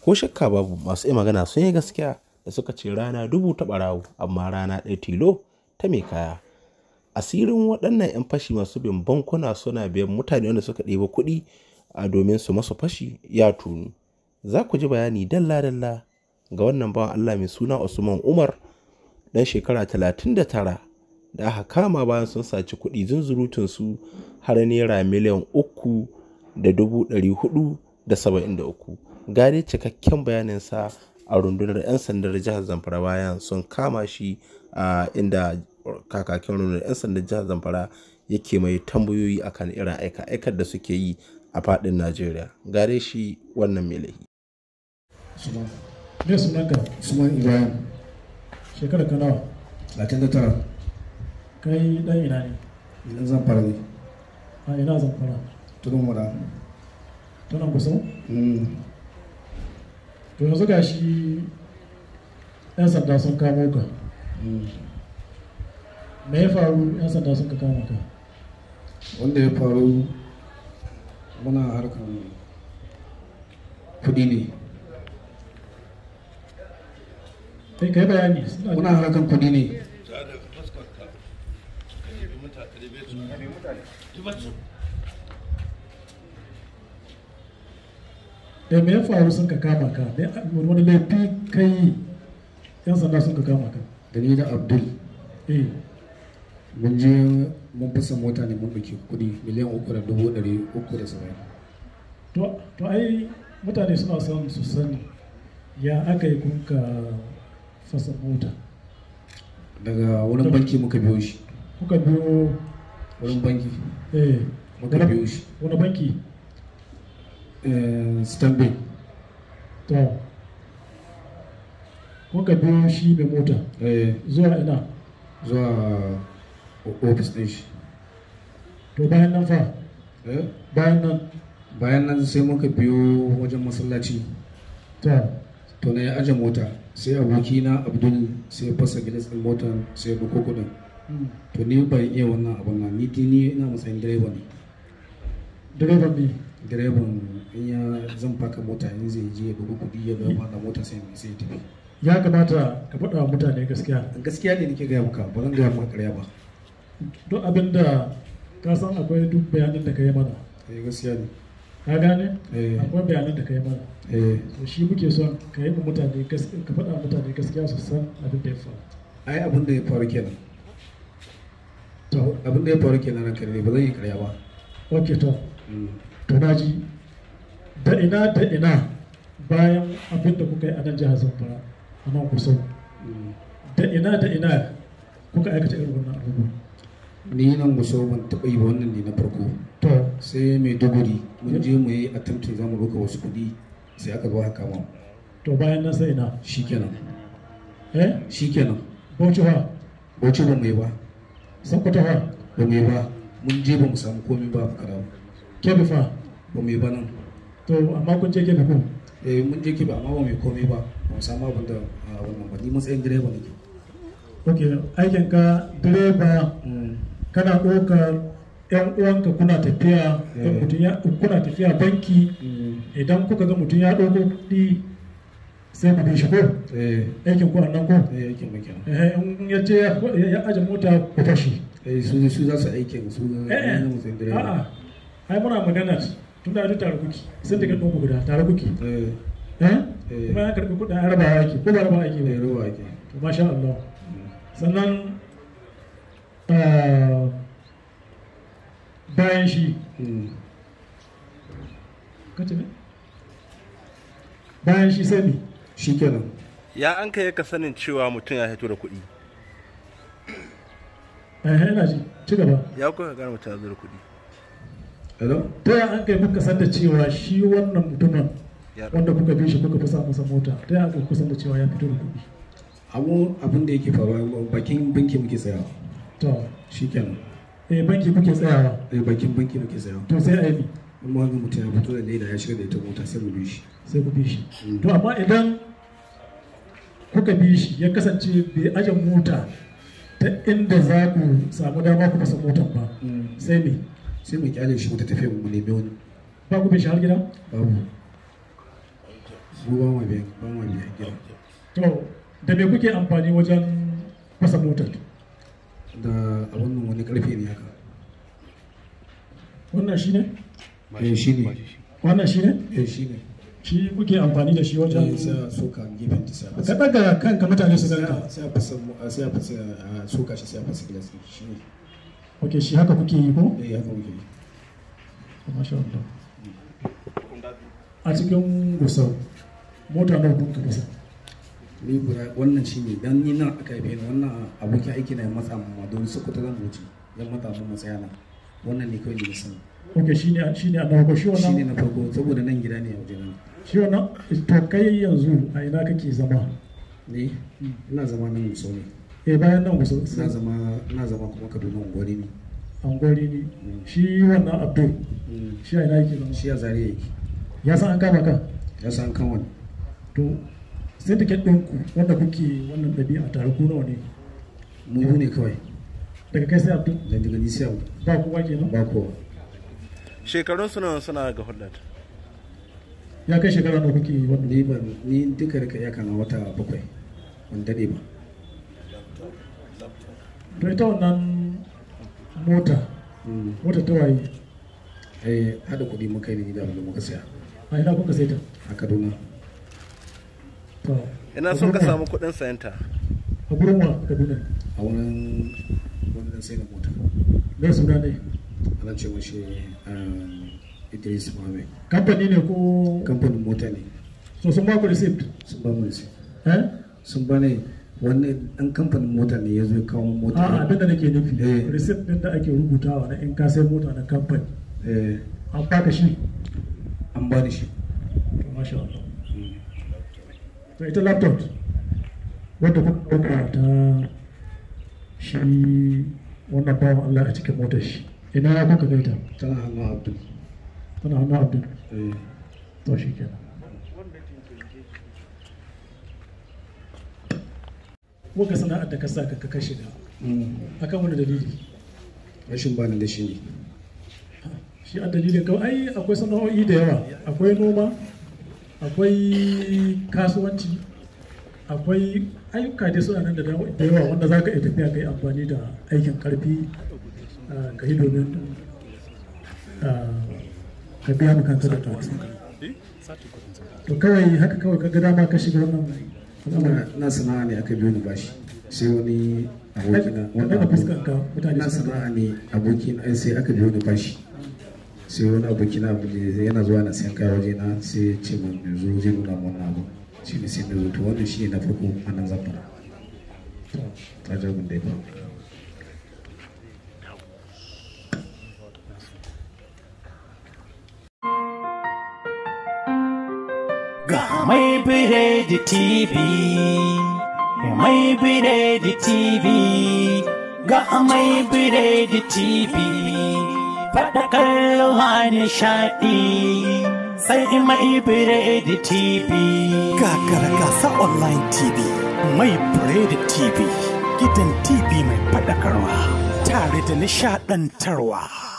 ko shakka babu masu yi magana sun yi gaskiya da suka ce rana dubu ta barawo, amma rana ɗaya tilo ta mai kaya asirin waɗannan 'yan fashi masu bin bankuna suna biyan mutane wanda suka ɗeba kuɗi a domin su masu fashi ya tunu za ku ji bayani dalla-dalla ga wannan bawan Allah mai suna Usman Umar dan shekara talatin da tara, aka kama bayan sun saci kuɗi zunzurutun su har naira miliyan uku da dubu ɗari hudu da saba'in da uku. gane cikakken bayaninsa a rundunar 'yan sandar jihar Zamfara bayan sun kama shi a inda kakakin rundunar 'yan sandar jihar Zamfara yake mai tambayoyi akan irin aika-aikar da suke yi a fadin Najeriya. Gare shi wannan melehi. Shekarar ka dan ina ne? Ina Zamfara ne. A ina Zamfara. Tudun wada. Tunan kusa? Mm. to yanzu ga shi 'yan sanda sun kamo ka me ya faru 'yan sanda sun ka kama ka wanda ya faru muna harkar kudi ne kai bayani muna harkar kudi ne da eh, me ya faru sun ka kama ka wani laifi yi yan sanda sun ka kama ka da ni da abdul eh. mun je mun fasa mota ne mun ɗauki kuɗi miliyan uku da dubu ɗari uku da saba'in to ai mutane suna son su sani ya aka yi kun ka fasa mota daga wurin banki muka biyo shi kuka biyo wurin banki eh. muka biyo shi wani banki Eh, stambin to kuka biyo shi mai mota eh. zuwa ina zuwa ofis ɗin shi to bayan nan fa eh? bayan nan bayan nan sai muka biyo wajen masallaci to na ya aje mota sai abokina abdul sai ya fasa gilas ɗin motar sai ya ɗauko hmm. to ni ban iya wannan abin nan ni ina matsayin direba ne direban ne. direban in ya zan faka mota in zai je ya bugu kudi ya ga faka mota sai mai sai tafi ya kamata ka faɗa wa mutane gaskiya gaskiya ne nake gaya maka ba zan gaya maka ƙarya ba duk abin da ka san akwai duk bayanin da ka yi mana eh gaskiya ne ka gane eh. akwai bayanin da ka yi mana eh. to shi muke son ka yi mutane gaskiya ka faɗa mutane gaskiya su san abin da ya faru ai abin da ya faru kenan to abin da ya faru kenan ranka ne ba zan yi ƙarya ba okay to to na ji da ina da ina bayan abin da kuka yi a nan jihar zamfara a nan kusa da ina da ina kuka aikata irin wannan abubuwa ni nan gusa ban taɓa yi wannan ne na farko To sai mai duguri mun je mu yi attempting zamu roka wasu kuɗi sai aka zo haka ma to bayan nan sai ina kenan. eh shikenan bauchi ha bauchi ba mai ba sakkwato ha ba mai ba mun je ba mu samu komai ba fakara ba kebe fa ba mu yi ba nan to amma kun je na kun eh mun je ke ba amma ba mu yi komai ba ba mu samu abin da wannan ba ni matsayin direba ne ke ok aikin ka direba mm. kana ɗaukar yan uwanka kuna tafiya eh. kuna tafiya banki mm. idan kuka ga mutum ya ɗauko kuɗi sai ku shi ko eh. aikin ku nan ko eh aikin eh, in ya ce ya aje mota ku eh su za su aikin su ne direba ai muna magana tun da tare kuki sai da kan guda tare kuki eh. Eh? eh kuma ya karbi kudin araba yake ko ba araba yake ne eh, araba yake to masha Allah sannan ah, bayan shi hmm. kace ne bayan shi sai mi shi kenan ya an kai ka sanin cewa mutum ya haito da kuɗi eh ina ji ci gaba ya kuka gane mutum ya zo da kuɗi ta yi an kai muka san da cewa shi wannan mutumin wanda kuka bi shi kuka fi sa masa mota ta yi an kai kusan da cewa ya fito da kuɗi abu abin da yake faruwa bakin banki muke tsayawa to shi kenan eh banki muke tsayawa eh bakin banki muke tsayawa to sai aibi in ma mutum ya fito da leda ya shiga da ita mota sai mu bi shi sai ku bi shi mm. to amma idan kuka bi shi ya kasance bai aje mota ta inda za ku samu dama ku fasa motar ba mm. sai me sai mu kyale shi mutu ta tafiya mu nemi wani ba ku bai har gida ba mu ba mu biyan ba mu biyan gida to da me kuke amfani wajen fasa motar da wannan wani karfe ne haka wannan shi ne eh shi ne wannan shi ne eh shi ne shi kuke amfani da shi wajen eh, sa soka gefen ta sai ka daga kanka mutane su zanka sai a fasa soka shi sai a fasa gilas shi ne ok shi haka kuke yi ko? eh haka kuke yi oh, masha Allah a cikin gusau mota nawa hukun ka gusa. ni guda wannan shi ne dan ni nan aka yi ni wannan abokin aiki na matsa mu don su kuta zan wuce zan matsa mu matsaya na wannan ne kawai ne san ok shi ne shi a farko shi wannan shi ne na farko saboda nan gida ne a wajen nan shi wannan to kai yanzu a ina kake zama ne ina zama nan musau ne eh bayan nan kusa na zama na zama kuma kaduna unguwari ne unguwari ne mm. shi wannan abdul mm. shi a ina yake zama shi a zare yake ya san an kama ka ya san kan wani to sai da kyan ku wanda kuke wannan ɗabi'a tare ku nawa ne mu ne kawai daga kai sai abdul daga ni sai abdul ba kowa ba kowa shekarun suna suna ga hulɗar ya kai shekara da kuke wannan. ni duka rika ya kana wata bakwai wanda ne ba to ita wannan mota hmm. mota ta waye eh hada kudi mun kai ni da mun muka saya a ina kuka sai ta a Kaduna to ina son ka samu kudin sayan ta a gurin wa Kaduna a wurin wannan sai da mota me suna ne ana ce mashi um, Idris Mohammed kamfani ne ko kamfanin mota ne so sun ba ku receipt sun ba mu receipt eh sun ba ne wani ɗan kamfanin mota ne ya zo ya kawo mota a abin da nake nufi eh. receipt ɗin da ake rubutawa na in ka sai mota na kamfani eh. an baka shi an ba da shi masha Allah ita laptop wadda kuma ɗauka ta shi wannan bawan Allah a cikin motar shi ina ya kuka gaita tana hannu abdul tana hannu abdul eh. to shi kenan ka sana'ar da ka sa ka shiga. shiga kan wani dalili rashin bani da shi ne shi a dalilin kawai ai akwai sana'o'i da yawa akwai noma akwai kasuwanci akwai ayyuka da suna nan da yawa wanda za ka iya tafiya ka yi amfani da aikin karfi ka yi domin ka biya kanta da to kawai haka kawai ka ga dama ka shiga wannan na sana'a ne aka biyo ni bashi sai wani abokina na sana'a ne abokina eh, sai aka biyo ni bashi sai wani abokina yana zuwa na sayan kaya waje na sai ya ce mun yanzu zai nuna mun abu shi ne sai na zo wannan shi ne na farko a nan zan ta jagun da ya faru ga mai biredi tv mai biredi tv ga mai biredi tv faɗa kallowa nishaɗi sai mai biredi tv kakara gasa online tv mai biredi tv gidan tv mai faɗakarwa tare da nishaɗantarwa